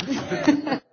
Good